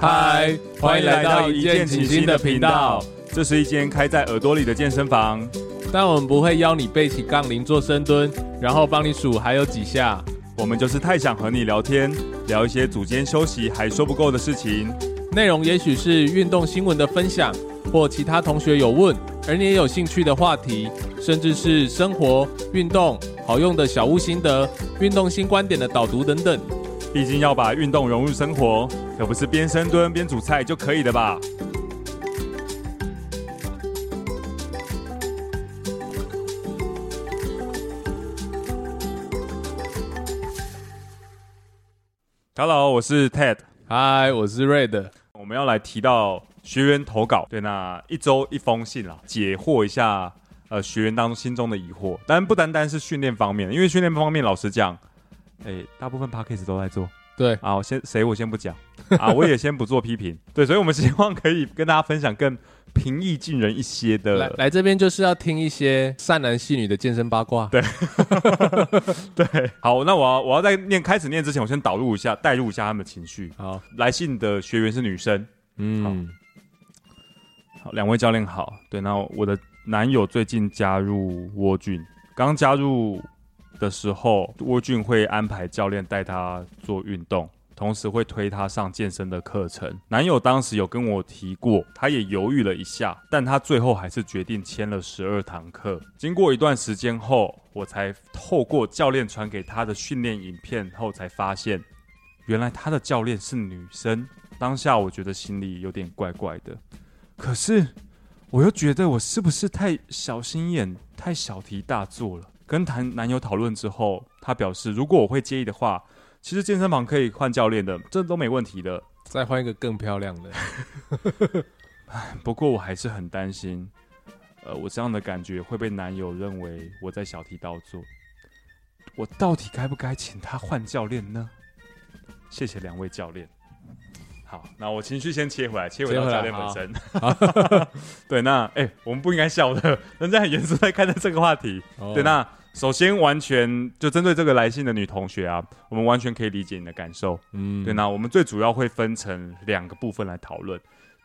嗨，歡迎來到一見傾心的頻道。這是一間開在耳朵裡的健身房，但我們不會邀你背起槓鈴做深蹲，然後幫你數還有幾下。我們就是太想和你聊天，聊一些組間休息還說不夠的事情。內容也許是運動新聞的分享，或其他同學有問。而你也有興趣的話題，甚至是生活、運動、好用的小物心得、運動新觀點的導讀等等。畢竟要把運動融入生活，可不是邊深蹲邊煮菜就可以的吧？Hello，我是 Ted。Hi，我是 Red。我們要來提到。學員投稿，對，那一周一封信啦，解惑一下，呃，學員當中心中的疑惑，當然不單單是訓練方面，因為訓練方面老實講，哎、欸，大部分 packages 都在做，對啊，我先誰我先不講 啊，我也先不做批評，對，所以我們希望可以跟大家分享更平易近人一些的。來，來這邊就是要聽一些善男信女的健身八卦，對， 對，好，那我要我要在念開始念之前，我先導入一下，帶入一下他們情緒，好，來信的學員是女生，嗯。好兩位教練好，對，那我的男友最近加入沃俊，剛加入的時候，沃俊會安排教練帶他做運動，同時會推他上健身的課程。男友當時有跟我提過，他也猶豫了一下，但他最後還是決定簽了十二堂課。經過一段時間後，我才透過教練傳給他的訓練影片後，才發現原來他的教練是女生。當下我覺得心裡有點怪怪的。可是，我又覺得我是不是太小心眼、太小題大做了？跟談男友討論之後，他表示如果我會介意的話，其實健身房可以換教練的，這都沒問題的。再換一個更漂亮的。 不過我還是很擔心，呃，我這樣的感覺會被男友認為我在小題大做。我到底該不該請他換教練呢？謝謝兩位教練。好，那我情緒先切回來，切回到教練本身。 對，那哎、欸，我們不應該笑的，人家很嚴肅在看待這個話題。哦、對，那首先完全就針對這個來信的女同學啊，我們完全可以理解你的感受。嗯，對，那我們最主要會分成兩個部分來討論。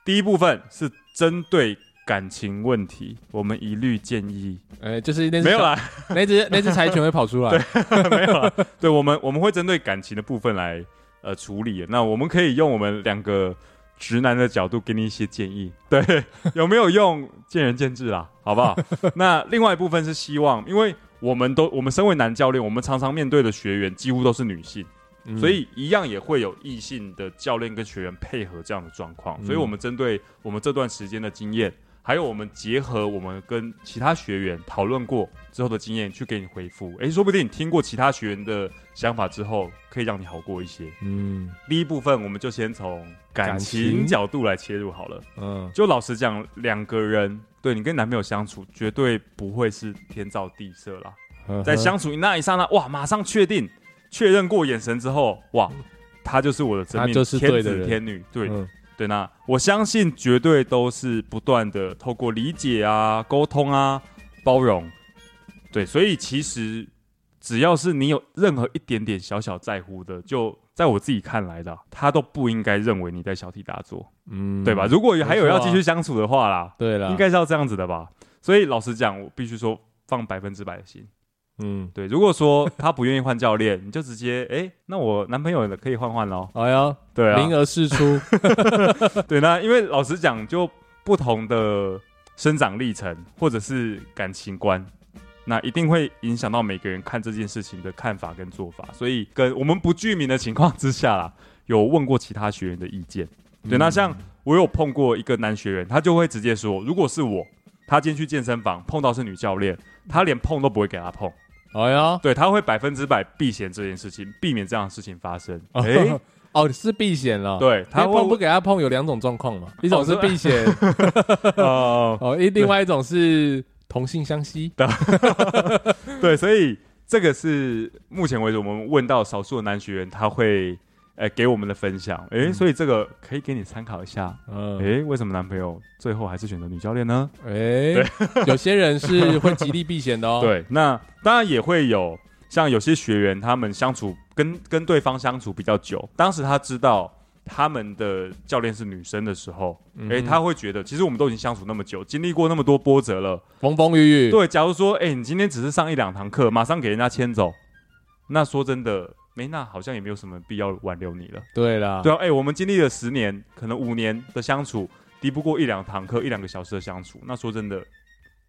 第一部分是針對感情問題，我們一律建議，哎、欸，就是沒有啦，那只那只柴犬會跑出來， 對，沒有了。對，我們我們會針對感情的部分來。呃，處理那我們可以用我們兩個直男的角度給你一些建議，對有沒有用，見仁見智啦，好不好？ 那另外一部分是希望，因為我們都我們身為男教練，我們常常面對的學員幾乎都是女性，嗯、所以一樣也會有異性的教練跟學員配合這樣的狀況、嗯，所以我們針對我們這段時間的經驗。還有，我們結合我們跟其他學員討論過之後的經驗去給你回復。哎、欸，說不定你聽過其他學員的想法之後，可以讓你好過一些。嗯，第一部分我們就先從感情，感情角度來切入好了。嗯，就老實講，兩個人對你跟男朋友相處絕對不會是天造地設啦呵呵。在相處那一剎那，哇，馬上確定，確認過眼神之後，哇，他就是我的真命，他就是天子天女，對。嗯對，那我相信絕對都是不斷的透過理解啊、溝通啊、包容，對，所以其實只要是你有任何一點點小小在乎的，就在我自己看來的，他都不應該認為你在小題大做，嗯，對吧？如果有還有要繼續相處的話啦，對、嗯、了，應該是要這樣子的吧？所以老實講，我必須說放百分之百的心。嗯，對。如果說他不願意換教練， 你就直接哎、欸，那我男朋友也可以換換嘍。哎、哦、呀，對啊，名額是出。對，那因為老實講，就不同的生長歷程或者是感情觀，那一定會影響到每個人看這件事情的看法跟做法。所以，跟我們不具名的情況之下啦，有問過其他學員的意見。對，那、嗯、像我有碰過一個男學員，他就會直接說，如果是我，他今天去健身房碰到是女教練，他連碰都不會給他碰。哎、哦、呀，對他會百分之百避嫌這件事情，避免這樣的事情發生。哎、哦，哦，是避嫌了。對，他碰不給他碰，有兩種狀況嘛，哦、一種是避嫌，哦 哦，一、哦、另外一種是同性相吸的。對， 對，所以這個是目前為止我們問到少數的男學員，他會。哎、欸，給我們的分享，哎、欸嗯，所以這個可以給你參考一下。嗯，哎、欸，為什麼男朋友最後還是選擇女教練呢？哎、欸，對，有些人是會極力避嫌的哦。 對，那當然也會有，像有些學員，他們相處跟跟對方相處比較久，當時他知道他們的教練是女生的時候，哎、嗯欸，他會覺得其實我們都已經相處那麼久，經歷過那麼多波折了，風風雨雨。對，假如說，哎、欸，你今天只是上一兩堂課，馬上給人家牽走，那說真的。哎，那好像也沒有什麼必要挽留你了。對啦，對啊，哎，我們經歷了十年，可能五年的相處，敵不過一兩堂課、一兩個小時的相處。那說真的，嗯、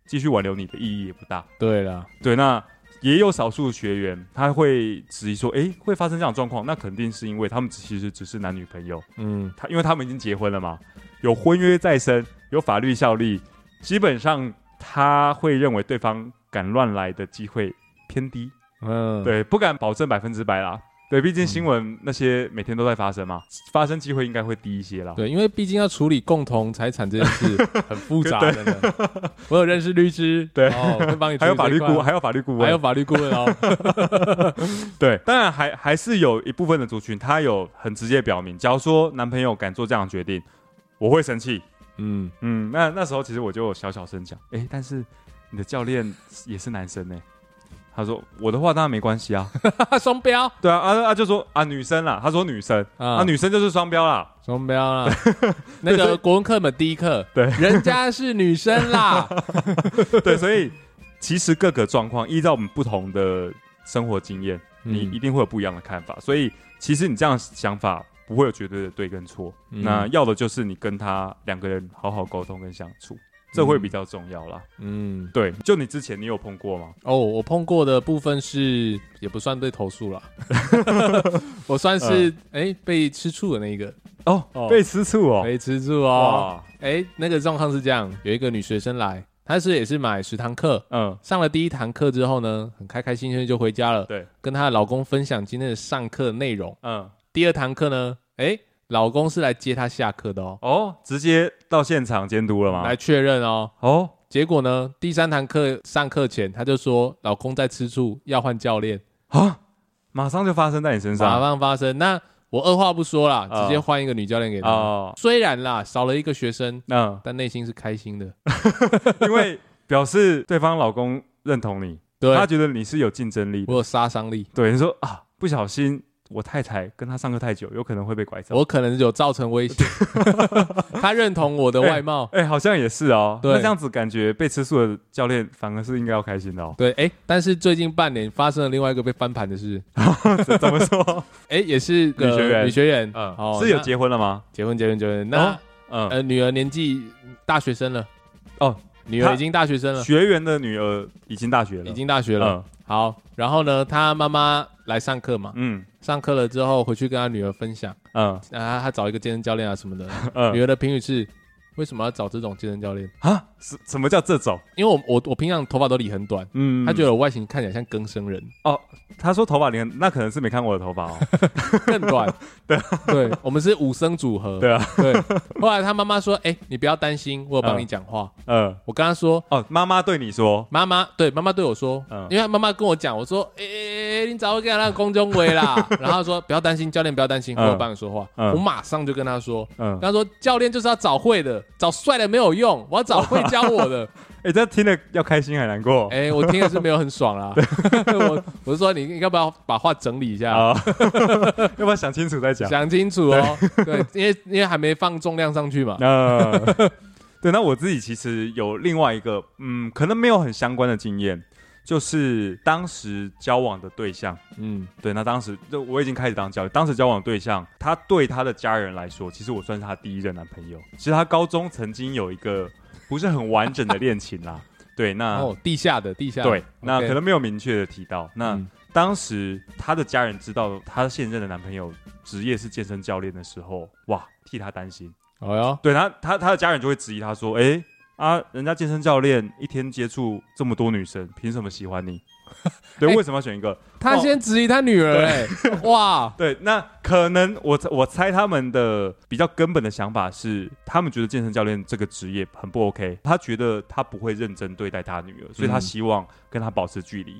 繼續挽留你的意義也不大。對啦，對，那也有少數學員他會質疑說，哎，會發生這樣的狀況，那肯定是因為他們其實只是男女朋友。嗯，他因為他們已經結婚了嘛，有婚約在身，有法律效力，基本上他會認為對方敢亂來的機會偏低。嗯，對，不敢保證百分之百啦。對，畢竟新聞那些每天都在發生嘛，嗯、發生機會應該會低一些啦。對，因為畢竟要處理共同財產這件事 很複雜的。對，我有認識律師，對，我可以幫你處理。還有法律顧問，還有法律顧問，還有法律顧問哦。 對，當然還還是有一部分的族群，他有很直接表明，假如說男朋友敢做這樣的決定，我會生氣。嗯嗯，那那時候其實我就小小聲講，哎、欸，但是你的教練也是男生呢？、欸。他說：“我的話當然沒關係啊，雙 標。”對啊，啊他、啊、就說啊女生啦，他說女生、嗯、啊女生就是雙標啦，雙標啦。 那個國文課本第一課，對，人家是女生啦。 對，所以其實各個狀況，依照我們不同的生活經驗、嗯，你一定會有不一樣的看法。所以其實你這樣的想法不會有絕對的對跟錯、嗯，那要的就是你跟他兩個人好好溝通跟相處。這會比較重要啦。嗯，對，就你之前你有碰過嗎？哦，我碰過的部分是也不算被投訴了 我算是哎、嗯、被吃醋的那一個。哦，哦被吃醋哦，被吃醋哦。哎，那個狀況是這樣：有一個女學生來，她是也是買十堂課。嗯，上了第一堂課之後呢，很開開心心就回家了。對，跟她的老公分享今天的上課內容。嗯，第二堂課呢，哎。老公是來接她下課的哦、喔，哦，直接到現場監督了嗎？來確認哦、喔，哦，結果呢？第三堂課上課前，他就說老公在吃醋，要換教練啊，馬上就發生在你身上，馬上發生。那我二話不說啦，呃、直接換一個女教練給她。哦、呃，雖然啦，少了一個學生，嗯、呃，但內心是開心的， 因為表示對方老公認同你， 對，他覺得你是有競爭力，我有殺傷力。對，你說啊，不小心。我太太跟他上課太久，有可能會被拐走。我可能有造成威脅。 他認同我的外貌，哎、欸欸，好像也是哦。對，那這樣子感覺被吃素的教練反而是應該要開心的哦。對，哎、欸，但是最近半年發生了另外一個被翻盤的事， 怎麼說？哎、欸，也是個女學員，女學員、嗯哦，是有結婚了嗎？結婚，結婚，結婚。那、嗯呃，女兒年紀大學生了，哦，女兒已經大學生了，學員的女兒已經大學了，已經大學了。嗯好，然後呢，他媽媽來上課嘛，嗯，上課了之後回去跟他女兒分享，嗯，啊，他找一個健身教練啊什麼的，嗯，女兒的評語是。為什麼要找這種健身教練啊？什什麼叫這種？因為我我我平常頭髮都理很短，嗯，他覺得我外形看起來像更生人哦。他說頭髮理很，那可能是沒看過我的頭髮哦， 更短。對、啊、對，我們是五聲組合。對啊，對。後來他媽媽說：“哎、欸，你不要擔心，我有幫你講話。嗯”嗯，我跟他說：“哦，媽媽對你說，媽媽對媽媽對我說，嗯，因為他媽媽跟我講，我說，哎哎哎。”你早我跟他讓空中圍啦， 然後說不要擔心，教練不要擔心，我、嗯、有幫你說話、嗯，我馬上就跟他說，嗯他說教練就是要找會的，找帥的沒有用，我要找會教我的。哎、 欸，這聽了要開心還難過？哎、欸，我聽了是沒有很爽啦。對 我我是說你，你要不要把話整理一下、啊？ 要不要想清楚再講？ 想清楚哦，對，因 為因為還沒放重量上去嘛。那 對，那我自己其實有另外一個，嗯，可能沒有很相關的經驗。就是當時交往的對象，嗯，對，那當時就我已經開始當教練當時交往的對象，他對他的家人來說，其實我算是他第一任男朋友。其實他高中曾經有一個不是很完整的戀情啦， 對、那、哦、地下的地下的，對，okay. 那可能沒有明確的提到。那、嗯、當時他的家人知道他現任的男朋友職業是健身教練的時候，哇，替他擔心，哎、哦、呀，對，他他，他的家人就會質疑他說，哎、欸。啊！人家健身教練一天接觸這麼多女生，憑什麼喜歡你？ 對、欸，為什麼要選一個？他先質疑他女兒、欸，哇！對，那可能我我猜他們的比較根本的想法是，他們覺得健身教練這個職業很不 OK，他覺得他不會認真對待他女兒，所以他希望跟他保持距離。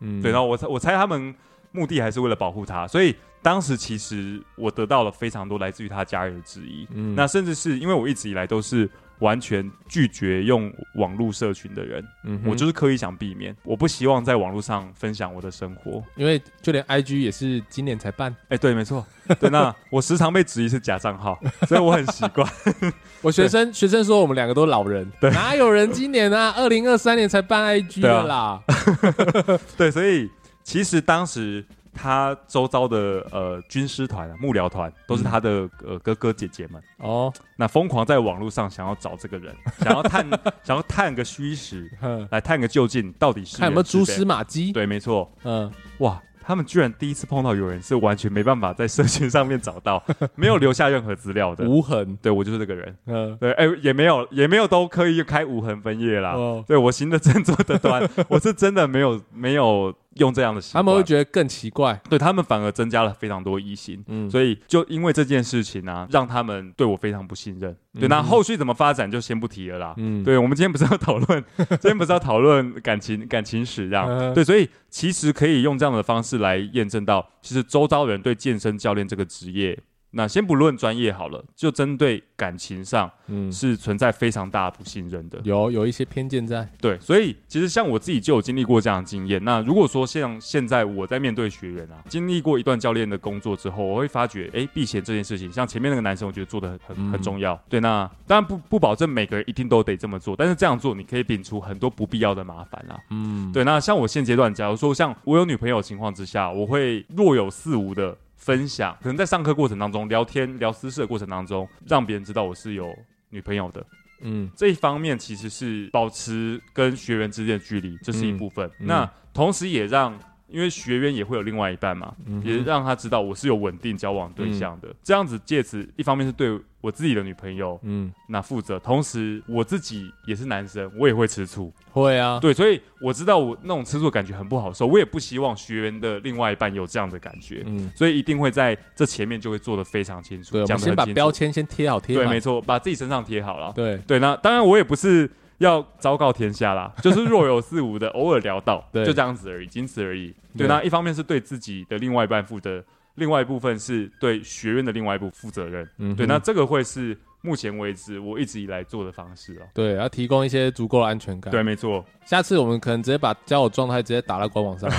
嗯，對。然後我猜我猜他們目的還是為了保護他，所以當時其實我得到了非常多來自於他家人的質疑。嗯，那甚至是因為我一直以來都是。完全拒絕用網絡社群的人。嗯，我就是刻意想避免，我不希望在網絡上分享我的生活，因為就連 IG 也是今年才辦。哎、欸，對，沒錯， 對，那我時常被質疑是假賬號， 所以我很習慣。 我學生學生說我們兩個都老人，對，哪有人今年啊，二零二三年才辦 IG 的啦。對啊。 對，所以其實當時。他周遭的呃軍師團、幕僚團都是他的、嗯、呃哥哥姐姐們哦。那瘋狂在網絡上想要找這個人， 想要探想要探個虛實，來探個究竟到底是看有沒有蛛絲馬跡？對，沒錯。嗯，哇！他們居然第一次碰到有人是完全沒辦法在社群上面找到，沒有留下任何資料的無痕、 嗯。對，我就是這個人。嗯，對，哎、欸，也沒有，也沒有，都可以開無痕分頁啦。哦、對，我行得正，坐得端，我是真的沒有，沒有。用這樣的習慣，他們會覺得更奇怪。對他們反而增加了非常多疑心、嗯，所以就因為這件事情呢、啊，讓他們對我非常不信任、嗯。對，那後續怎麼發展就先不提了啦。嗯、對，我們今天不是要討論， 今天不是要討論感情 感情史這樣、嗯。對，所以其實可以用這樣的方式來驗證到，其實周遭人對健身教練這個職業。那先不論專業好了，就針對感情上，嗯，是存在非常大不信任的，嗯、有有一些偏見在。對，所以其實像我自己就有經歷過這樣的經驗。那如果說像現在我在面對學員啊，經歷過一段教練的工作之後，我會發覺，哎、欸，避嫌這件事情，像前面那個男生，我覺得做的很很很重要、嗯。對，那當然不不保證每個人一定都得這麼做，但是這樣做你可以摒除很多不必要的麻煩啦、啊。嗯，對。那像我現階段，假如說像我有女朋友的情況之下，我會若有似無的。分享可能在上課過程當中聊天聊私事的過程當中，讓別人知道我是有女朋友的，嗯，這一方面其實是保持跟學員之間的距離，這是一部分。嗯嗯、那同時也讓，因為學員也會有另外一半嘛，嗯、也讓他知道我是有穩定交往對象的，嗯、這樣子借此一方面是對。我自己的女朋友，嗯，那負責。同時，我自己也是男生，我也會吃醋，會啊，對，所以我知道我那種吃醋感覺很不好受，我也不希望學員的另外一半有這樣的感覺，嗯，所以一定會在這前面就會做得非常清楚，對，我們先把標籤先貼好貼，貼對，沒錯，把自己身上貼好了，對對。那當然，我也不是要昭告天下啦，就是若有似無的偶爾聊到 對，就這樣子而已，僅此而已對。對，那一方面是對自己的另外一半負責。另外一部分是對學員的另外一部負責任。嗯，對，那這個會是。目前為止，我一直以來做的方式哦、喔，對，要提供一些足夠的安全感。對，沒錯。下次我們可能直接把交友狀態直接打到官網上。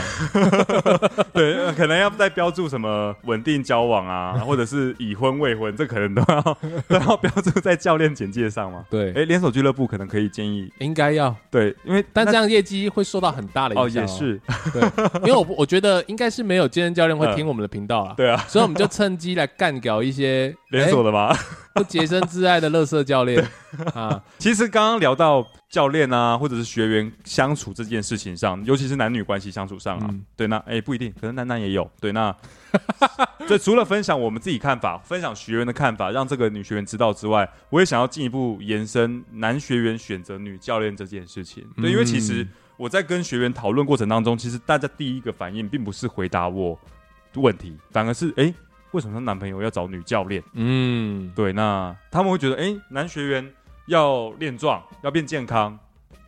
對、呃，可能要再標注什麼穩定交往啊， 或者是已婚未婚，這可能都要都要標注在教練簡介上嘛。對，哎、欸，連鎖俱樂部可能可以建議，應該要對，因為但這樣業績會受到很大的影響、喔、哦，也是 對，因為我我覺得應該是沒有健身教練會聽我們的頻道啊、嗯。對啊，所以我們就趁機來幹搞一些連鎖的吧。不、欸、健 身。摯愛的垃圾教練啊，其實剛剛聊到教練啊，或者是學員相處這件事情上，尤其是男女關係相處上啊，嗯、對那哎、欸、不一定，可能男男也有對那，所 以除了分享我們自己看法，分享學員的看法，讓這個女學員知道之外，我也想要進一步延伸男學員選擇女教練這件事情、嗯，對，因為其實我在跟學員討論過程當中，其實大家第一個反應並不是回答我問題，反而是哎。欸為什麼她男朋友要找女教練？嗯，對，那他們會覺得，哎、欸，男學員要練壯，要變健康，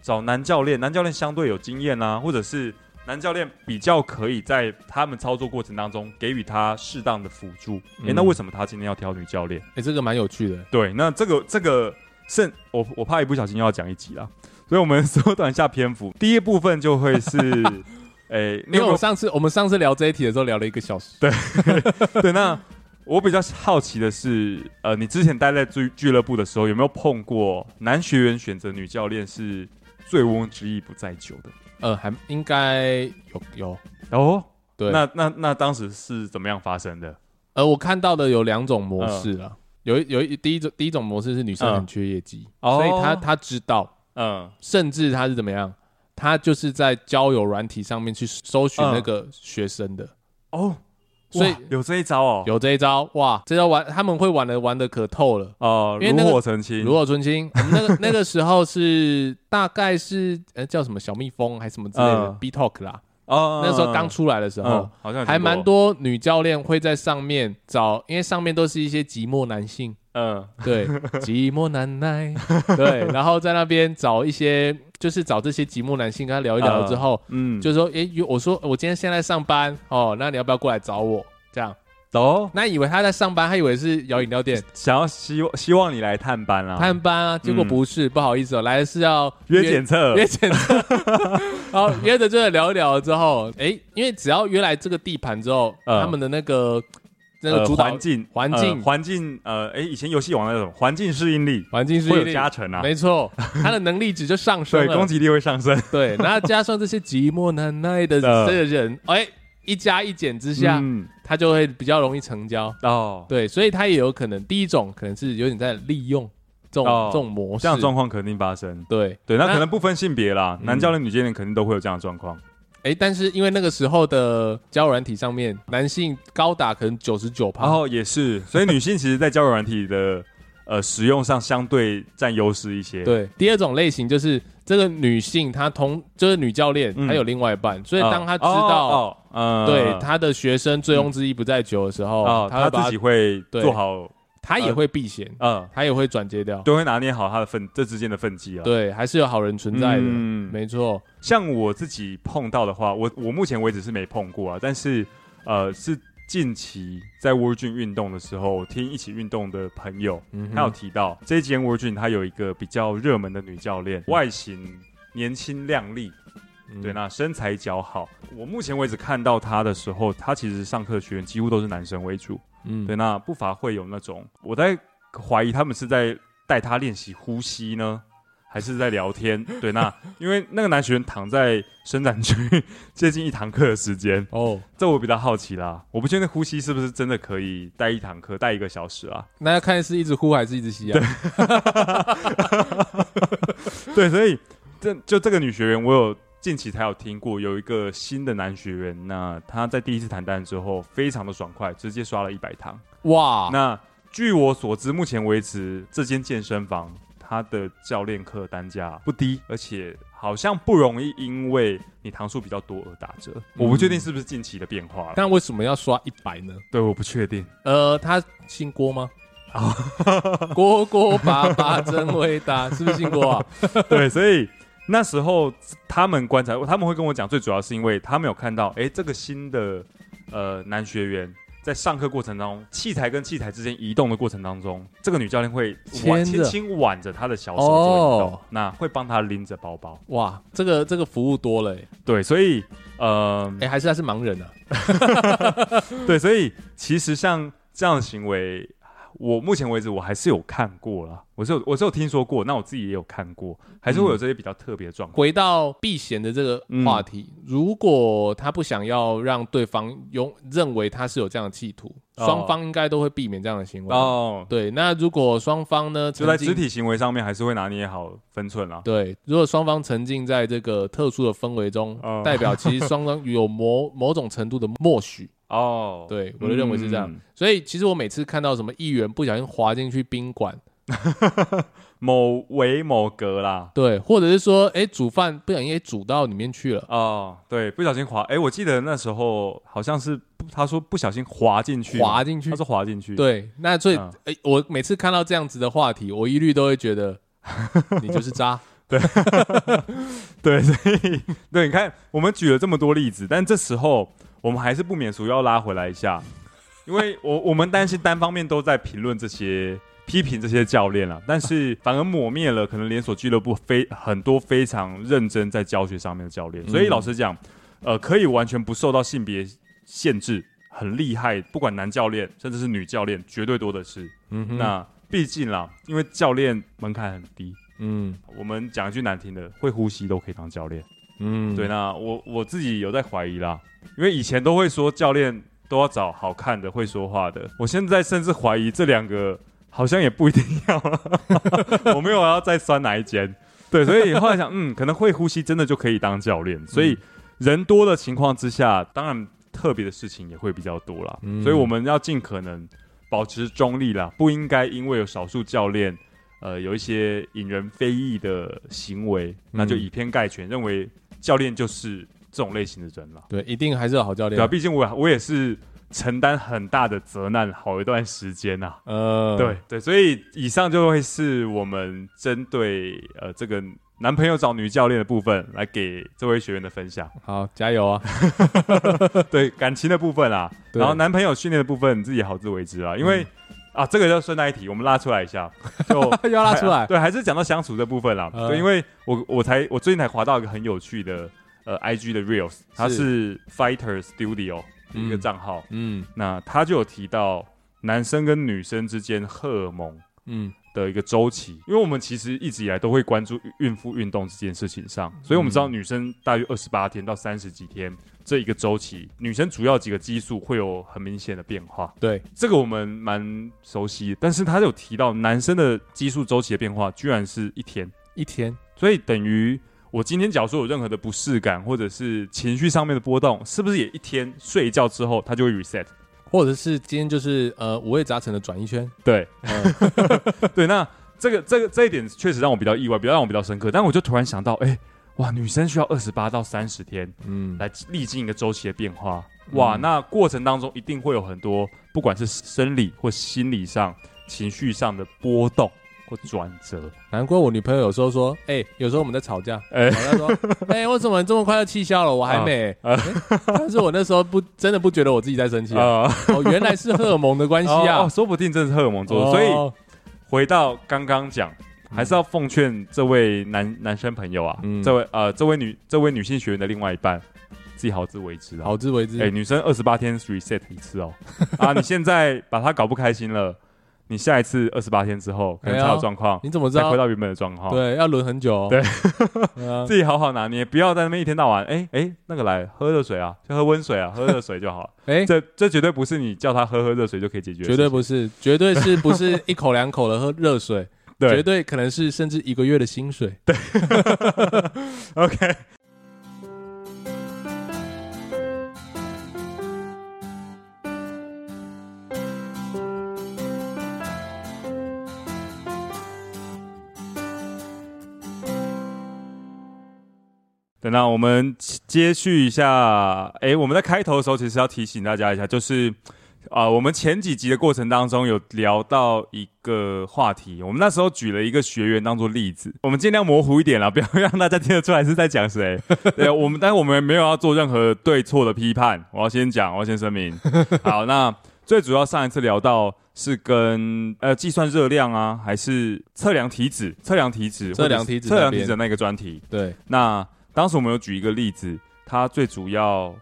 找男教練，男教練相對有經驗啊，或者是男教練比較可以在他們操作過程當中給予他適當的輔助。哎、嗯欸，那為什麼他今天要挑女教練？哎、欸，這個蠻有趣的、欸。對，那這個這個剩我我怕一不小心又要講一集了，所以我們縮短一下篇幅，第一部分就會是。 誒、欸，有有，因為我上次我們上次聊這一題的時候聊了一個小時。 對對，那我比較好奇的是，呃，你之前待在俱俱樂部的時候，有沒有碰過男學員選擇女教練是醉翁之意不在酒的？呃，還應該有有。哦。對，那那那當時是怎麼樣發生的？呃，我看到的有兩種模式了、啊嗯，有有一第一種第一種模式是女生很缺業績、嗯，所以她她知道，嗯，甚至她是怎麼樣？他就是在交友軟體上面去搜尋那個學生的、嗯、哦，所以有這一招哦，有這一招哇，這招玩他們會玩的玩的可透了哦、呃那個。如火成親，爐火純青。我那個 那個時候是大概是呃、欸、叫什麼小蜜蜂還是什麼之類的、嗯、B Talk 啦。哦、嗯，那時候剛出來的時候，好、嗯、像還蠻多女教練會在上面找，因為上面都是一些寂寞男性。嗯，對， 寂寞難耐。對，然後在那邊找一些。就是找這些寂寞男性跟他聊一聊，uh, 之後，嗯，就是說，哎、欸，我說我今天現在，在上班哦，那你要不要過來找我？這樣，哦、oh?，那以為他在上班，他以為是搖飲料店，想要希望希望你來探班啊。探班啊，結果不是，嗯、不好意思哦、喔，來的是要約檢測，約檢測，好，約着 就聊一聊之後，哎、欸，因為只要約來這個地盤之後，uh. 他們的那個。那個環境，環境，環境，呃，哎、呃呃欸，以前遊戲玩的那種環境適應力，環境適應力會有加成啊沒，沒錯，他的能力值就上升，對，攻擊力會上升，對，然後加上這些寂寞難耐的這 些人，哎、欸，一加一減之下、嗯，他就會比較容易成交哦，對，所以他也有可能，第一種可能是有點在利用這種、哦、這種模式，這樣的狀況肯定發生，對，對，那可能不分性別啦，男教練、女教練肯定都會有這樣的狀況。哎，但是因為那個時候的交友軟體上面，男性高達可能九十九趴，然、哦、後也是，所以女性其實，在交友軟體的 呃使用上相對占優勢一些。對，第二種類型就是這個女性，她同就是女教練，她、嗯、有另外一半，所以當她知道，哦哦哦、嗯，對，她的學生醉翁之意不在酒的時候，嗯哦、她，她自己會做好。他也會避嫌，呃，嗯，他也會轉接掉，都會拿捏好他的分這之間的分際啊。對，還是有好人存在的，嗯，沒錯。像我自己碰到的話，我我目前為止是沒碰過啊，但是呃，是近期在 Warrior 運動的時候，聽一起運動的朋友，嗯，他有提到這間 Warrior 他有一個比較熱門的女教練，外形年輕靚麗，對，那身材姣好。我目前為止看到他的時候，他其實上課學員幾乎都是男生為主。嗯，對，那不乏會有那種，我在懷疑他們是在帶他練習呼吸呢，還是在聊天？ 對，那因為那個男學員躺在伸展區 接近一堂課的時間哦，這我比較好奇啦。我不確定呼吸是不是真的可以帶一堂課，帶一個小時啊？那要看是一直呼還是一直吸啊？對， 對，所以這就這個女學員，我有。近期才有聽過有一個新的男學員，那他在第一次談單之後非常的爽快，直接刷了一百堂哇！那據我所知，目前為止這間健身房他的教練課單價不低，而且好像不容易，因為你堂數比較多而打折、嗯。我不確定是不是近期的變化，但為什麼要刷一百呢？對，我不確定。呃，他姓郭嗎？啊、哦， 郭郭爸爸真偉大，是不是姓郭啊？對，所以。那時候他們觀察，他們會跟我講，最主要是因為他們有看到，哎、欸，這個新的呃男學員在上課過程當中，器材跟器材之間移動的過程當中，這個女教練會牽輕輕挽着他的小手做移動、哦，那會幫他拎着包包。哇，這個這個服務多了、欸。對，所以呃，哎、欸，還是還是盲人呢、啊。 對，所以其實像這樣的行為。我目前為止，我還是有看過啦，我是有我是有聽說過，那我自己也有看過，還是會有這些比較特別的狀況、嗯。回到避嫌的這個話題、嗯，如果他不想要讓對方有認為他是有這樣的企圖，雙、哦、方應該都會避免這樣的行為哦。對，那如果雙方呢，就在肢體行為上面還是會拿捏好分寸啦、啊。對，如果雙方沉浸在這個特殊的氛圍中、哦，代表其實雙方有某 某種程度的默許。哦、oh，對，我就認為是這樣、嗯，所以其實我每次看到什麼議員不小心滑進去賓館， 某圍某閣啦，對，或者是說，哎、欸，煮飯不小心煮到裡面去了，哦、oh，對，不小心滑，哎、欸，我記得那時候好像是他說不小心滑進去，滑進去，他說滑進去，對，那所以，哎、嗯欸，我每次看到這樣子的話題，我一律都會覺得你就是渣， 對， 對，所以，對，你看，我們舉了這麼多例子，但這時候。我們還是不免俗要拉回來一下，因為我我們擔心單方面都在評論這些批評這些教練了、啊，但是反而抹滅了可能連鎖俱樂部非很多非常認真在教學上面的教練、嗯。所以老實講，呃，可以完全不受到性別限制，很厲害，不管男教練甚至是女教練，絕對多的是。嗯哼。那畢竟啦，因為教練門檻很低。嗯。我們講一句難聽的，會呼吸都可以當教練。嗯對，對，那我我自己有在懷疑啦，因為以前都會說教練都要找好看的、會說話的，我現在甚至懷疑這兩個好像也不一定要了。 我沒有要再酸哪一間， 對，所以，以後來想，嗯，可能會呼吸真的就可以當教練，所以人多的情況之下，當然特別的事情也會比較多了，嗯、所以我們要盡可能保持中立啦，不應該因為有少數教練呃有一些引人非議的行為，那就以偏概全，認為。教練就是這種類型的人了，對，一定還是要好教練，對啊，畢竟我我也是承擔很大的責難好一段時間吶、啊，呃，對對，所以以上就會是我們針對呃這個男朋友找女教練的部分來給這位學員的分享，好，加油啊！ 對感情的部分啊，然後男朋友訓練的部分你自己好自為之啊，因為、嗯。啊，這個叫順帶一提，我們拉出來一下，就，又 拉出來、啊，對，還是講到相處這部分啦。嗯、對，因為我我才我最近才滑到一個很有趣的，呃，IG 的 Reels，他是 Fighter Studio 是一個賬號，嗯，那他就有提到男生跟女生之間荷爾蒙，嗯。的一個週期，因為我們其實一直以來都會關注孕婦運動這件事情上，所以我們知道女生大約二十八天到三十幾天、嗯、這一個週期，女生主要幾個激素會有很明顯的變化。對，這個我們蠻熟悉的。但是他有提到，男生的激素週期的變化居然是一天一天，所以等於我今天假如說有任何的不適感，或者是情緒上面的波動，是不是也一天睡一覺之後，它就會 reset？或者是今天就是呃五味雜陳的轉一圈，對，嗯、 對，那這個這個這一點確實讓我比較意外，比較讓我比較深刻。但我就突然想到，哎、欸，哇，女生需要二十八到三十天，嗯，來歷經一個週期的變化、嗯，哇，那過程當中一定會有很多，不管是生理或心理上、情緒上的波動。或轉折，難怪我女朋友有時候說：“哎、欸，有時候我們在吵架，吵、欸、架說，哎、 欸，為什麼這麼快就氣消了？我還沒、欸。嗯”嗯欸、 但是，我那時候不真的不覺得我自己在生氣、啊嗯嗯、哦，原來是荷爾蒙的關係啊、哦哦，說不定真是荷爾蒙做的。哦、所以，回到剛剛講，還是要奉勸這位男、嗯、男生朋友啊，嗯、這位啊、呃，這位女這位女性學員的另外一半，自己好自為之啊，好自為之。哎、欸，女生二十八天 reset 一次哦、喔， 啊，你現在把她搞不開心了。你下一次二十八天之後，可能才有狀況、哎。你怎麼知道？再回到原本的狀況？對，要輪很久、哦。對， 對、啊，自己好好拿捏，你也不要在那邊一天到晚，哎、欸、哎、欸，那個來喝熱水啊，就喝溫水啊，喝熱水就好。哎、 欸，這這絕對不是你叫他喝喝熱水就可以解決，絕對不是， 絕對是不是一口兩口的喝熱水 對，絕對可能是甚至一個月的薪水。對 ，OK。那我們接續一下，哎，我們在開頭的時候其實要提醒大家一下，就是啊、呃，我們前幾集的過程當中有聊到一個話題，我們那時候舉了一個學員當做例子，我們盡量模糊一點啦，不要讓大家聽得出來是在講誰。 對，我們但是我們沒有要做任何對錯的批判，我要先講，我要先聲明。 好，那最主要上一次聊到是跟呃計算熱量啊，還是測量體脂、測量體脂、測量體脂、測量體脂的那個專題。對，那。當時我們有舉一個例子，他最主要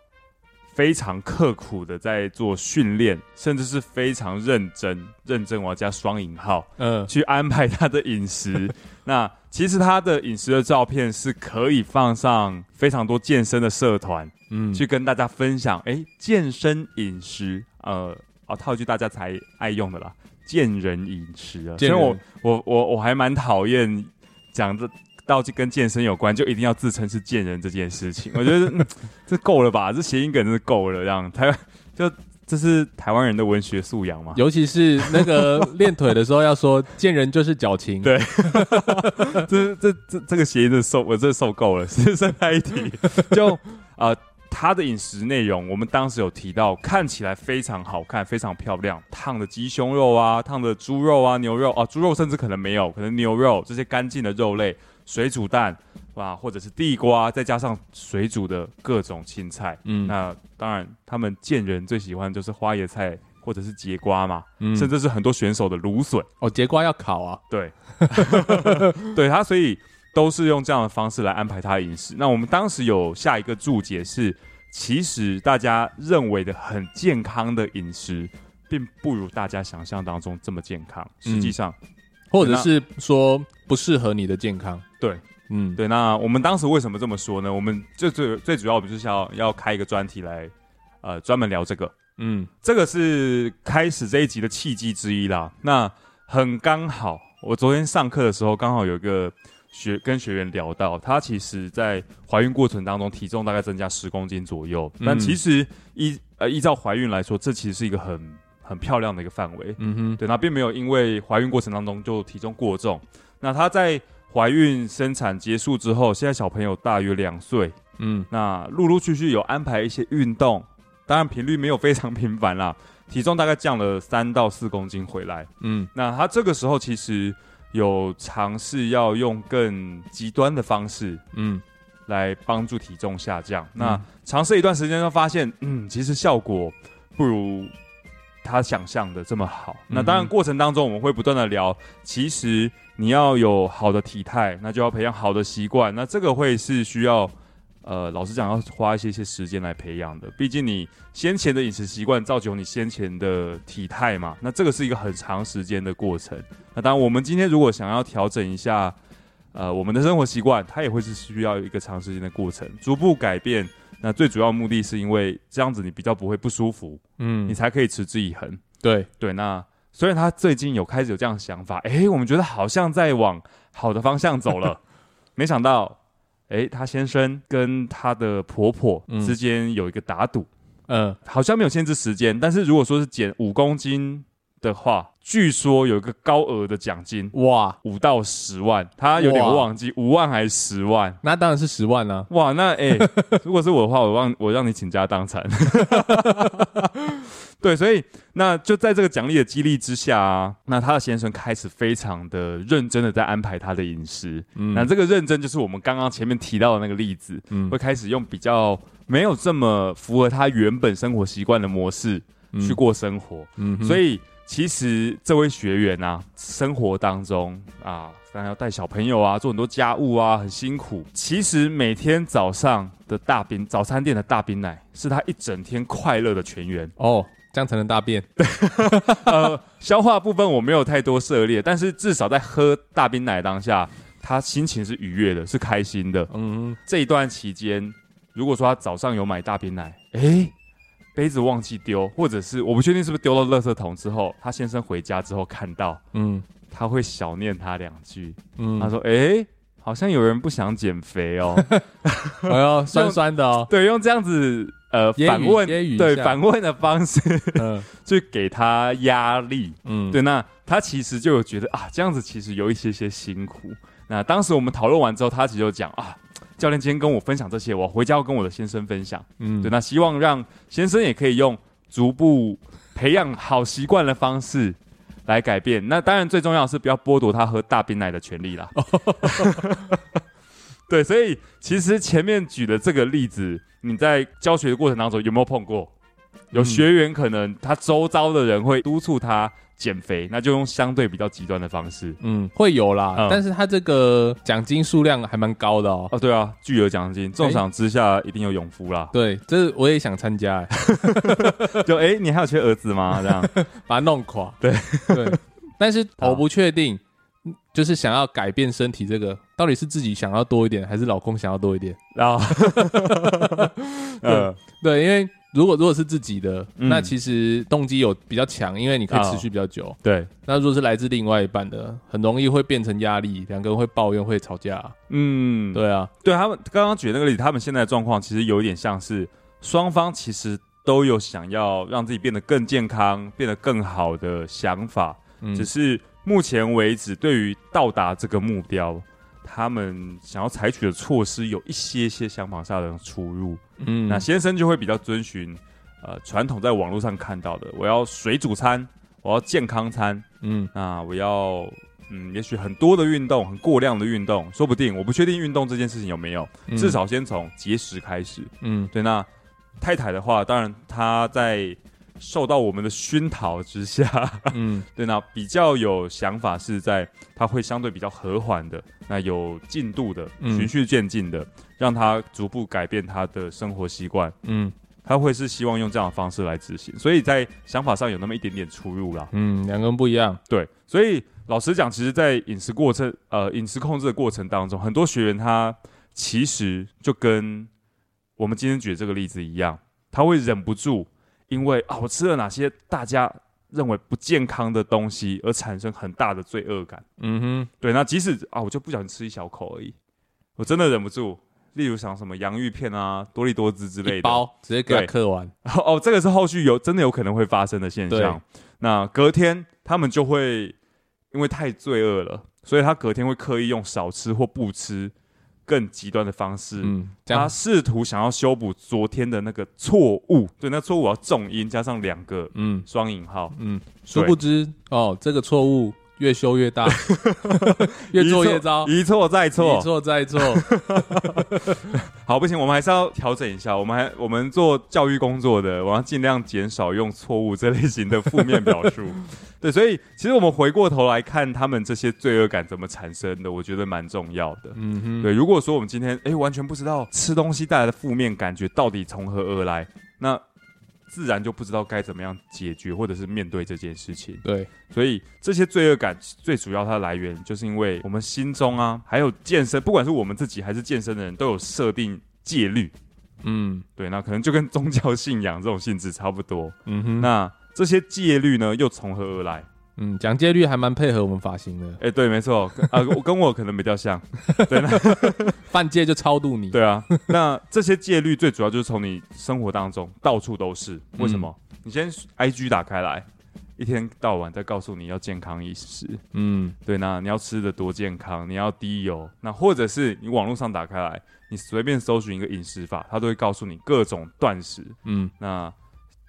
非常刻苦的在做訓練，甚至是非常認真，認真我要加雙引號，嗯、呃，去安排他的飲食。 那其實他的飲食的照片是可以放上非常多健身的社團，嗯，去跟大家分享。哎、欸，健身飲食，呃，啊、哦，套句大家才愛用的啦，健人飲食啊。其實我我我我還蠻討厭講這。到底跟健身有關，就一定要自稱是“賤人”這件事情，我覺得這夠了吧？這諧音梗真的夠了，這樣台灣就這是台灣人的文學素養嘛？尤其是那個練腿的時候，要說“賤人就是矯情 ”，對 這這這這個諧音的受，我真的受夠了。 剩下一題，就呃，他的飲食內容，我們當時有提到，看起來非常好看，非常漂亮，燙的雞胸肉啊，燙的豬肉啊，牛肉啊，豬肉甚至可能沒有，可能牛肉這些乾淨的肉類。水煮蛋啊，或者是地瓜，再加上水煮的各種青菜。嗯，那當然，他們健人最喜歡就是花椰菜或者是櫛瓜嘛，嗯，甚至是很多選手的蘆筍。哦，櫛瓜要烤啊。對， 對，他所以都是用這樣的方式來安排他的飲食。那我們當時有下一個注解是，其實大家認為的很健康的飲食，並不如大家想象當中這麼健康。實際上。嗯或者是說不適合你的健康。對，對，嗯，對。那我們當時為什麼這麼說呢？我們就最最最主要，我們就是要要開一個專題來，呃，專門聊這個。嗯，這個是開始這一集的契機之一啦。那很剛好，我昨天上課的時候，剛好有一個學跟學員聊到，他其實在懷孕過程當中，體重大概增加十公斤左右。嗯，但其實依呃依照懷孕來說，這其實是一個很很漂亮的一個範圍，嗯哼，對，他並沒有因為懷孕過程當中就體重過重。那她在懷孕生產結束之後，現在小朋友大約兩歲，嗯，那陸陸續續有安排一些運動，當然頻率沒有非常頻繁啦，體重大概降了三到四公斤回來，嗯，那她這個時候其實有嘗試要用更極端的方式，嗯，來幫助體重下降。嗯，那嘗試一段時間就發現，嗯，其實效果不如他想象的這麼好，那當然過程當中我們會不斷的聊，嗯。其實你要有好的體態，那就要培養好的習慣。那這個會是需要，呃，老實講要花一些些時間來培養的。畢竟你先前的飲食習慣造就你先前的體態嘛。那這個是一個很長時間的過程。那當然我們今天如果想要調整一下，呃，我們的生活習慣，它也會是需要一個長時間的過程，逐步改變。那最主要目的是因為這樣子你比較不會不舒服，嗯，你才可以持之以恆，對對。那雖然他最近有開始有這樣的想法，哎、欸，我們覺得好像在往好的方向走了， 沒想到，哎、欸，他先生跟他的婆婆之間有一個打賭，嗯，好像沒有限制時間，但是如果說是減五公斤的話。據說有一個高額的獎金哇，五到十萬，他有點忘記五萬還是十萬？那當然是十萬了、啊、哇！那哎，欸、 如果是我的話，我讓我讓你傾家蕩產。 對，所以那就在這個獎勵的激勵之下啊，那他的先生開始非常的認真的在安排他的飲食、嗯，那這個認真就是我們剛剛前面提到的那個例子、嗯，會開始用比較沒有這麼符合他原本生活習慣的模式去過生活，嗯，嗯所以。其實這位學員啊，生活當中啊，當然要帶小朋友啊，做很多家務啊，很辛苦。其實每天早上的大冰早餐店的大冰奶，是他一整天快樂的泉源哦。這樣才能大便， 呃，消化部分我沒有太多涉獵， 但是至少在喝大冰奶當下，他心情是愉悅的，是開心的。嗯，這一段期間，如果說他早上有買大冰奶，誒杯子忘記丟，或者是我不確定是不是丟到垃圾桶之後，他先生回家之後看到，嗯，他會小念他兩句，嗯，他說：“哎、欸，好像有人不想減肥哦，我 要用、 哎、酸酸的哦。”對，用這樣子呃反問，對反問的方式，去、嗯、 給他壓力，嗯，對，那他其實就有覺得啊，這樣子其實有一些些辛苦。那當時我們討論完之後，他其實就講啊。教練今天跟我分享這些，我回家要跟我的先生分享。嗯，對，那希望讓先生也可以用逐步培養好習慣的方式來改變。那當然最重要的是不要剝奪他喝大冰奶的權利啦。哦、 對，所以其實前面舉的這個例子，你在教學的過程當中有沒有碰過？有學員可能他周遭的人會督促他減肥，那就用相對比較極端的方式。嗯，會有啦，嗯、但是他這個獎金數量還蠻高的哦、喔。哦，對啊，巨額獎金，重賞之下一定有勇夫啦。欸、對，這是我也想參加、欸。 就哎、欸，你還有缺兒子嗎？這樣 把他弄垮。對對， 但是我不確定，就是想要改變身體這個，到底是自己想要多一點，還是老公想要多一點？然、哦、後， 呃，對，對因為。如果如果是自己的，嗯、那其實動機有比較強，因為你可以持續比較久。哦，對，那如果是來自另外一半的，很容易會變成壓力，兩個人會抱怨、會吵架。嗯，對啊，對他們剛剛舉那個例子，他們現在的狀況其實有一點像是雙方其實都有想要讓自己變得更健康、變得更好的想法。嗯，只是目前為止對於到達這個目標。他們想要採取的措施有一些些想法上的出入，嗯，那先生就會比較遵循、呃、傳統，在網絡上看到的，我要水煮餐，我要健康餐，嗯，啊，我要嗯，也許很多的運動，很過量的運動，說不定我不確定運動這件事情有沒有，嗯、至少先從節食開始，嗯，對，那太太的話，當然她在。受到我們的熏陶之下嗯，嗯，對，那比較有想法是在，他會相對比較和緩的，那有進度的，嗯、循序漸進的，讓他逐步改變他的生活習慣，嗯，他會是希望用這樣的方式來執行，所以在想法上有那麼一點點出入啦，嗯，兩個人不一樣，對，所以老實講，其實，在飲食過程，呃，飲食控制的過程當中，很多學員他其實就跟我們今天舉的這個例子一樣，他會忍不住。因為啊，我吃了哪些大家認為不健康的東西，而產生很大的罪惡感。嗯哼，對。那即使啊，我就不小心吃一小口而已，我真的忍不住。例如，像什麼洋芋片啊、多力多滋之類的，一包直接給它嗑完哦。哦，這個是後續有真的有可能會發生的現象。那隔天他們就會因為太罪惡了，所以他隔天會刻意用少吃或不吃。更極端的方式、嗯，他試圖想要修補昨天的那個錯誤。對，那錯誤要重音加上兩個，嗯，雙引號，嗯，殊、嗯、不知哦，這個錯誤。越修越大， 越做越糟， 一錯，一錯再錯，一錯再錯。 好，不行，我們還是要調整一下。我們還我們做教育工作的，我要盡量減少用錯誤這類型的負面表述。 對，所以其實我們回過頭來看他們這些罪惡感怎麼產生的，我覺得蠻重要的。嗯哼，對。如果說我們今天哎完全不知道吃東西帶來的負面感覺到底從何而來，那。自然就不知道該怎麼樣解決，或者是面對這件事情。對，所以這些罪惡感最主要它的來源，就是因為我們心中啊，還有健身，不管是我們自己還是健身的人，都有設定戒律。嗯，對，那可能就跟宗教信仰這種性質差不多。嗯哼，那這些戒律呢，又從何而來？嗯，講戒律還蠻配合我們髮型的。哎、欸，對，沒錯，啊，我跟我可能比較像。 對，那犯戒就超度你。 對啊，那這些戒律最主要就是從你生活當中到處都是、嗯。為什麼？你先 I G 打開來，一天到晚再告訴你要健康飲食。嗯，對，那你要吃得多健康，你要低油。那或者是你網絡上打開來，你隨便搜尋一個飲食法，它都會告訴你各種斷食。嗯，那。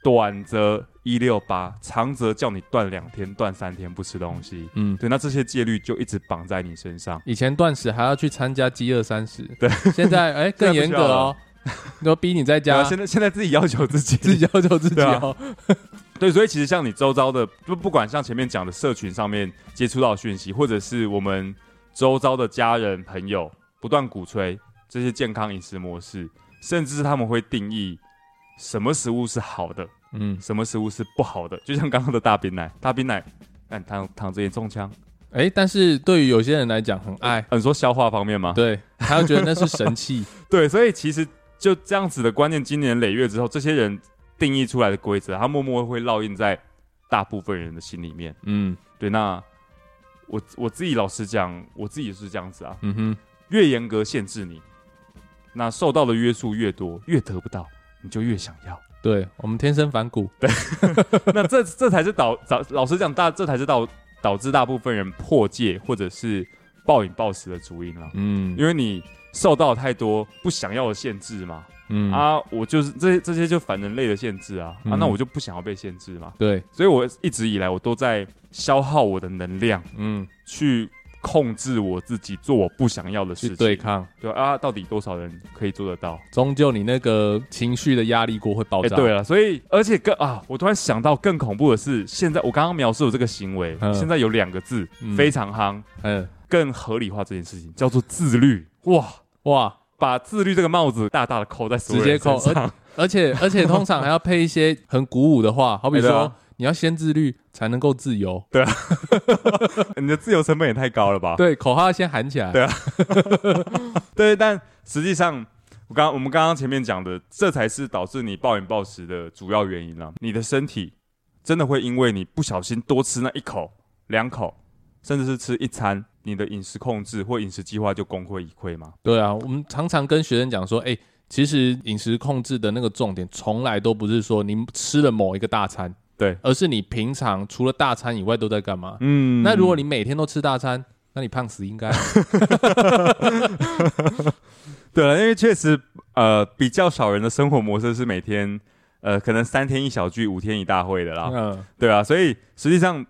短則一六八，長則叫你斷兩天、斷三天不吃東西。嗯，對，那這些戒律就一直綁在你身上。以前斷食還要去參加飢餓三十，對，現在哎、欸、更嚴格哦、喔，都逼你在家。啊、現在現在自己要求自己，自己要求自己哦、喔。對，啊、 對，所以其實像你周遭的，就不管像前面講的社群上面接觸到訊息，或者是我們周遭的家人朋友不斷鼓吹這些健康飲食模式，甚至是他們會定義。什麼食物是好的？嗯，什麼食物是不好的？就像剛剛的大冰奶，大冰奶，看，躺、躺着也中槍。哎、欸，但是對於有些人來講很愛很，很說消化方面嗎？對，他要覺得那是神器。 對，所以其實就這樣子的觀念，經年累月之後，這些人定義出來的規則，他默默會烙印在大部分人的心裡面。嗯，對。那我我自己老實講，我自己是這樣子啊。嗯哼，越嚴格限制你，那受到的約束越多，越得不到。你就越想要，對，我們天生反骨，對， 那這這才是導導，老實講，大這才是導導致大部分人破戒或者是暴飲暴食的主因了。嗯，因為你受到了太多不想要的限制嘛。嗯啊，我就是這些這些就反人類的限制啊、嗯、啊，那我就不想要被限制嘛。對，所以我一直以來我都在消耗我的能量，嗯，去。控制我自己做我不想要的事情，對抗就啊，到底多少人可以做得到？終究你那個情緒的壓力鍋會爆炸。欸、對了、啊，所以而且更啊，我突然想到更恐怖的是，現在我剛剛描述的這個行為、嗯，現在有兩個字、嗯、非常夯，嗯、欸，更合理化這件事情叫做自律，哇哇，把自律這個帽子大大的扣在手，直接扣而，而且而且通常還要配一些很鼓舞的話，好比說，欸你要先自律，才能夠自由。對啊， 你的自由成本也太高了吧？對，口號要先喊起來。對啊， 對，但實際上，我剛我們剛剛前面講的，這才是導致你暴飲暴食的主要原因啦。你的身體真的會因為你不小心多吃那一口、兩口，甚至是吃一餐，你的飲食控制或飲食計劃就功虧一簣嗎？對啊，我們常常跟學生講說，哎、欸，其實飲食控制的那個重點，從來都不是說你吃了某一個大餐。對，而是你平常除了大餐以外都在幹嘛？嗯，那如果你每天都吃大餐，那你胖死應該。 對了，因為確實，呃，比較少人的生活模式是每天，呃，可能三天一小聚，五天一大會的啦。嗯，對啊，所以實際上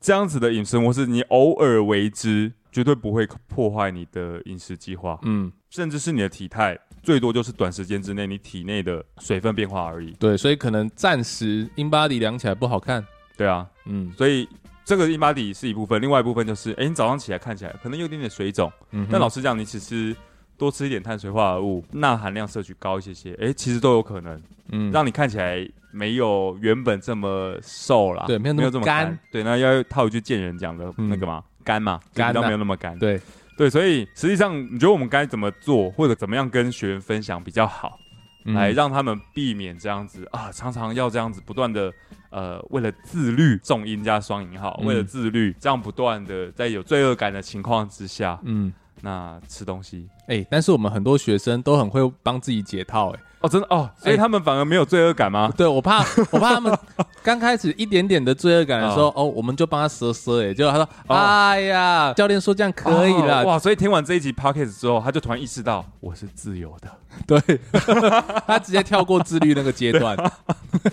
這樣子的飲食模式，你偶爾為之。絕對不會破壞你的飲食計劃，嗯，甚至是你的體態，最多就是短時間之內你體內的水分變化而已。對，所以可能暫時英巴 b 量起來不好看，對啊，嗯，所以這個英巴 b 是一部分，另外一部分就是，哎、欸，你早上起來看起來可能有點點水腫、嗯，但老師講你其實多吃一點碳水化合物，鈉含量攝取高一些些，哎、欸，其實都有可能，嗯，讓你看起來沒有原本這麼瘦了，對，沒有那麼乾，對，那要套一句賤人講的那個嘛。嗯幹嘛？感、啊、都沒有那麼乾，對對，所以實際上，你覺得我們該怎麼做，或者怎麼樣跟學員分享比較好，嗯、來讓他們避免這樣子啊，常常要這樣子不斷的呃，為了自律，重音加雙引號、嗯，為了自律，這樣不斷的在有罪惡感的情況之下，嗯。那吃東西，哎、欸，但是我們很多學生都很會幫自己解套、欸，哎，哦，真的哦，所以、欸、他們反而沒有罪惡感嗎？對，我怕， 我怕他們剛開始一點點的罪惡感的時候，哦，哦我們就幫他舌舌哎，結果他說、哦，哎呀，教練說這樣可以了、哦，哇，所以聽完這一集 podcast 之後，他就突然意識到我是自由的，對， 他直接跳過自律那個階段，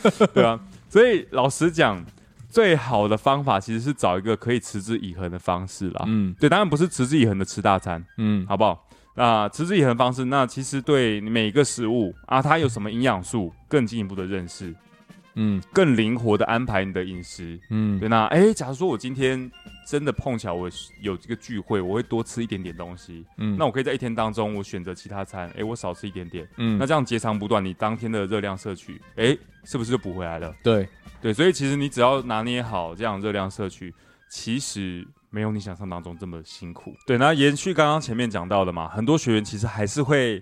對啊， 對啊，所以老實講。最好的方法其實是找一個可以持之以恆的方式啦。嗯，對，當然不是持之以恆的吃大餐。嗯，好不好？那持之以恆方式，那其實對每個食物啊，它有什麼營養素更進一步的認識。嗯，更靈活的安排你的飲食。嗯，對，那哎、欸，假如說我今天真的碰巧我有這個聚會，我會多吃一點點東西。嗯，那我可以在一天當中，我選擇其他餐，哎、欸，我少吃一點點。嗯，那這樣截長補短，你當天的熱量攝取，哎、欸，是不是就補回來了？對。對，所以其實你只要拿捏好這樣熱量攝取，其實沒有你想象當中這麼辛苦。對，那延續剛剛前面講到的嘛，很多學員其實還是會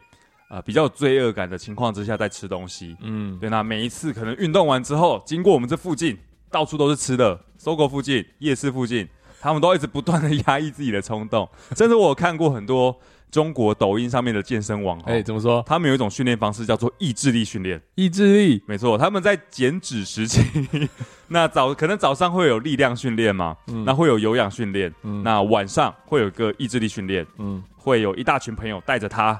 啊、呃、比較有罪惡感的情況之下在吃東西。嗯，對，那每一次可能運動完之後，經過我們這附近，到處都是吃的，SOGO 附近、夜市附近。他們都一直不斷的壓抑自己的衝動，甚至我有看過很多中國抖音上面的健身網紅。哎、欸，怎麼說？他們有一種訓練方式叫做意志力訓練。意志力，沒錯。他們在減脂時期，那早可能早上會有力量訓練嘛、嗯，那會有有氧訓練、嗯，那晚上會有一個意志力訓練、嗯。會有一大群朋友帶着他。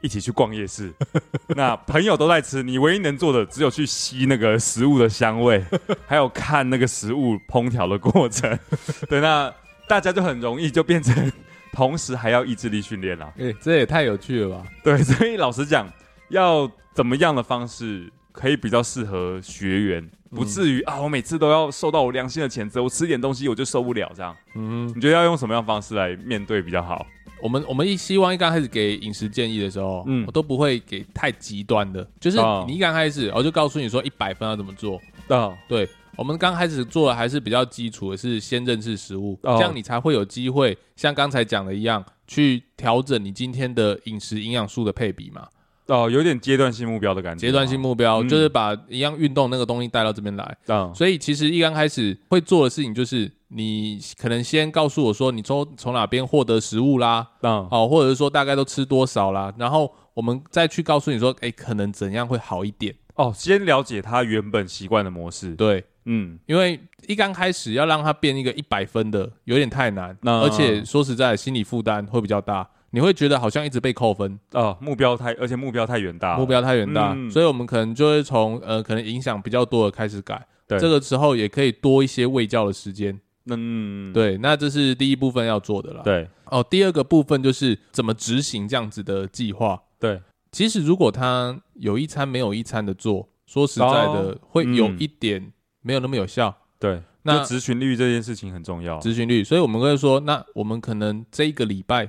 一起去逛夜市， 那朋友都在吃，你唯一能做的只有去吸那個食物的香味， 還有看那個食物烹調的過程。 對，那大家就很容易就變成同時還要意志力訓練了。對、欸，這也太有趣了吧？對，所以老實講，要怎麼樣的方式可以比較適合學員，不至於、嗯、啊，我每次都要受到我良心的譴責，我吃點東西我就受不了這樣。嗯，你覺得要用什麼樣的方式來面對比較好？我們我們一希望一剛開始給飲食建議的時候，嗯，我都不會給太極端的，就是你一剛開始，哦、我就告訴你說一百分要怎麼做、哦，對，我們剛開始做的還是比較基礎的，是先認識食物、哦，這樣你才會有機會像剛才講的一樣去調整你今天的飲食營養素的配比嘛。哦，有點階段性目標的感覺。階段性目標、嗯、就是把一樣運動那個東西帶到這邊來、哦，所以其實一剛開始會做的事情就是。你可能先告訴我說你從從哪邊獲得食物啦，嗯，好、哦，或者是說大概都吃多少啦，然後我們再去告訴你說，哎、欸，可能怎樣會好一點哦。先了解他原本習慣的模式，對，嗯，因為一剛開始要讓他變一個一百分的有點太難、嗯，而且說實在心理負擔會比較大，你會覺得好像一直被扣分啊、哦，目標太，而且目標太遠大、哦，目標太遠大、嗯，所以我們可能就會從呃可能影響比較多的開始改，對，這個時候也可以多一些衛教的時間。嗯，對，那這是第一部分要做的了。對，哦，第二個部分就是怎麼執行這樣子的計劃。對，其實如果他有一餐沒有一餐的做，說實在的，會有一點沒有那麼有效。對、哦嗯，那執行率這件事情很重要。執行率，所以我們會說，那我們可能這一個禮拜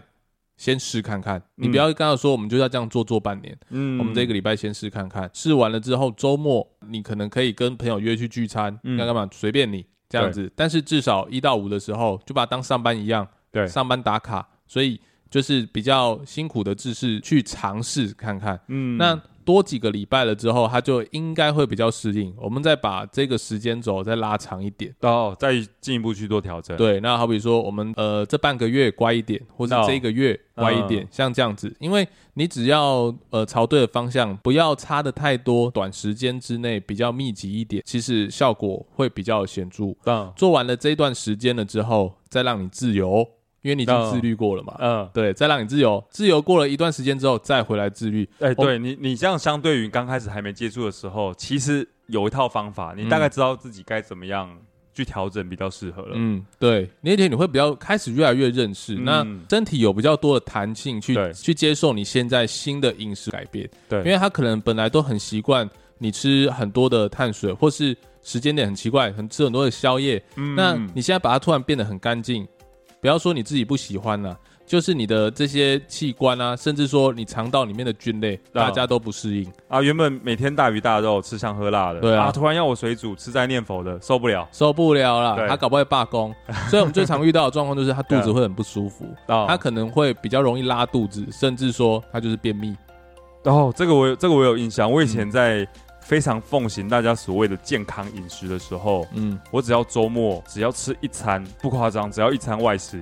先試看看。嗯、你不要跟他說，我們就要這樣做做半年。嗯，我們這個禮拜先試看看。試完了之後，週末你可能可以跟朋友約去聚餐，嗯、要幹嘛隨便你。這樣子，但是至少一到五的時候，就把它當上班一樣，對，上班打卡，所以就是比較辛苦的姿勢去嘗試看看，嗯，那。多幾個禮拜了之後，它就應該會比較適應。我們再把這個時間軸再拉長一點，然、oh, 後再進一步去做調整。對，那好比說我們呃這半個月乖一點，或是這一個月乖一點，oh. 像這樣子，因為你只要呃朝對的方向，不要差的太多，短時間之內比較密集一點，其實效果會比較顯著。Oh. 做完了這段時間了之後，再讓你自由。因為你已經自律過了嘛，嗯，嗯，對，再讓你自由，自由過了一段時間之後，再回來自律。哎、欸，對、哦、你，你這樣相對於剛開始還沒接觸的時候，其實有一套方法，你大概知道自己該怎麼樣去調整比較適合了。嗯，對，那天你會比較開始越來越認識，嗯，那身體有比較多的彈性去去接受你現在新的飲食改變。對，因為它可能本來都很習慣你吃很多的碳水，或是時間點很奇怪，很吃很多的宵夜。嗯，那你現在把它突然變得很乾淨。不要說你自己不喜歡了，就是你的這些器官啊，甚至說你腸道裡面的菌類，oh. 大家都不適應啊。原本每天大魚大肉、吃香喝辣的，對啊，啊突然要我水煮、吃齋念佛的，受不了，受不了了。他搞不好會罷工， 所以我們最常遇到的狀況就是他肚子會很不舒服，yeah. oh. 他可能會比較容易拉肚子，甚至說他就是便秘。哦、oh，這個我有影，這個我有印象，我以前在。非常奉行大家所謂的健康飲食的時候，嗯，我只要周末只要吃一餐。不誇張，只要一餐外食，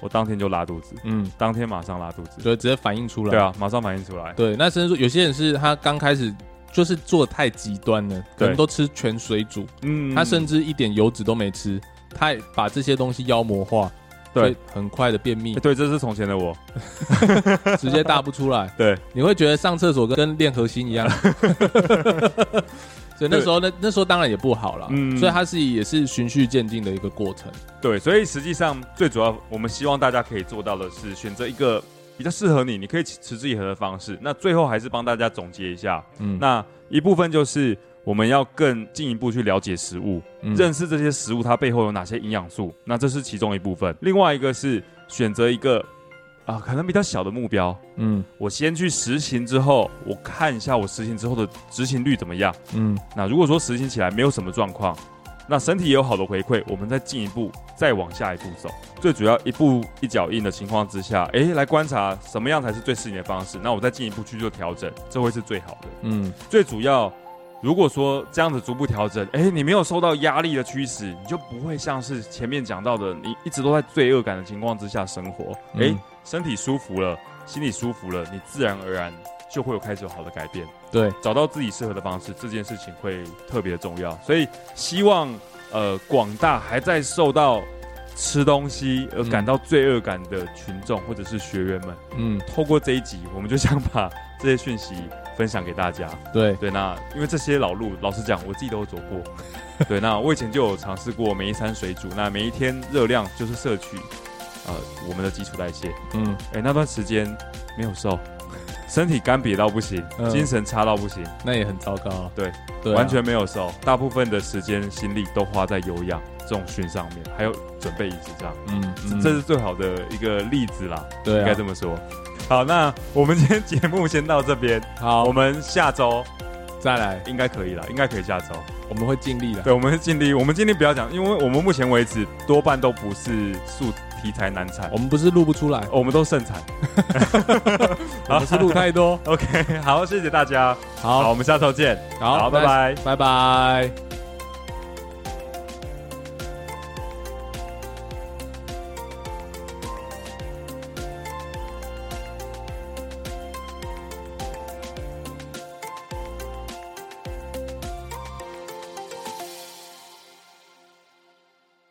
我當天就拉肚子，嗯，當天馬上拉肚子，對，直接反應出來，對啊，馬上反應出來，對，那甚至說有些人是他剛開始就是做的太極端了，可能都吃全水煮，嗯，他甚至一點油脂都沒吃，他把這些東西妖魔化。對，很快的便秘。欸、對，這是從前的我， 直接大不出來。對，你會覺得上廁所跟練核心一樣。 所以那時候，那那時候當然也不好了。嗯，所以它是也是循序漸進的一個過程。對，所以實際上最主要，我們希望大家可以做到的是選擇一個比較適合你，你可以持之以恆的方式。那最後還是幫大家總結一下，嗯，那一部分就是。我們要更進一步去了解食物，嗯，認識這些食物它背後有哪些營養素，那這是其中一部分。另外一個是選擇一個啊，可能比較小的目標，嗯，我先去實行之後，我看一下我實行之後的執行率怎麼樣，嗯。那如果說實行起來沒有什麼狀況，那身體也有好的回饋，我們再進一步再往下一步走。最主要一步一腳印的情況之下，哎，來觀察什麼樣才是最適應的方式。那我再進一步去做調整，這會是最好的。嗯，最主要。如果說這樣子逐步調整，哎，你沒有受到壓力的驅使，你就不會像是前面講到的，你一直都在罪惡感的情況之下生活。哎、嗯，身體舒服了，心裡舒服了，你自然而然就會有開始有好的改變。對，找到自己適合的方式，這件事情會特別重要。所以希望呃廣大還在受到吃東西而感到罪惡感的群眾或者是學員們，嗯，透過這一集，我們就想把這些訊息。分享給大家。對對，那因為這些老路，老實講，我自己都有走過。 對，那我以前就有嘗試過每一餐水煮，那每一天熱量就是攝取，呃，我們的基礎代謝。嗯，哎、欸，那段時間沒有瘦。身體乾癟到不行、嗯，精神差到不行，那也很糟糕，啊。對，對、啊，完全沒有瘦，大部分的時間心力都花在有氧、重訓上面，還有準備飲食上嗯嗯。嗯，這是最好的一個例子啦。對、啊，應該這麼說。好，那我們今天節目先到這邊。好，我們下周再來，應該可以了，應該可以下周，我們會盡力的。對，我們會盡力，我們盡力不要講，因為我們目前為止多半都不是素。題材難產，我們不是錄不出來，我們都盛產，我們是錄太多。 OK，好，謝謝大家，好，好，我們下周見，好，拜拜，拜拜。Nice bye bye bye bye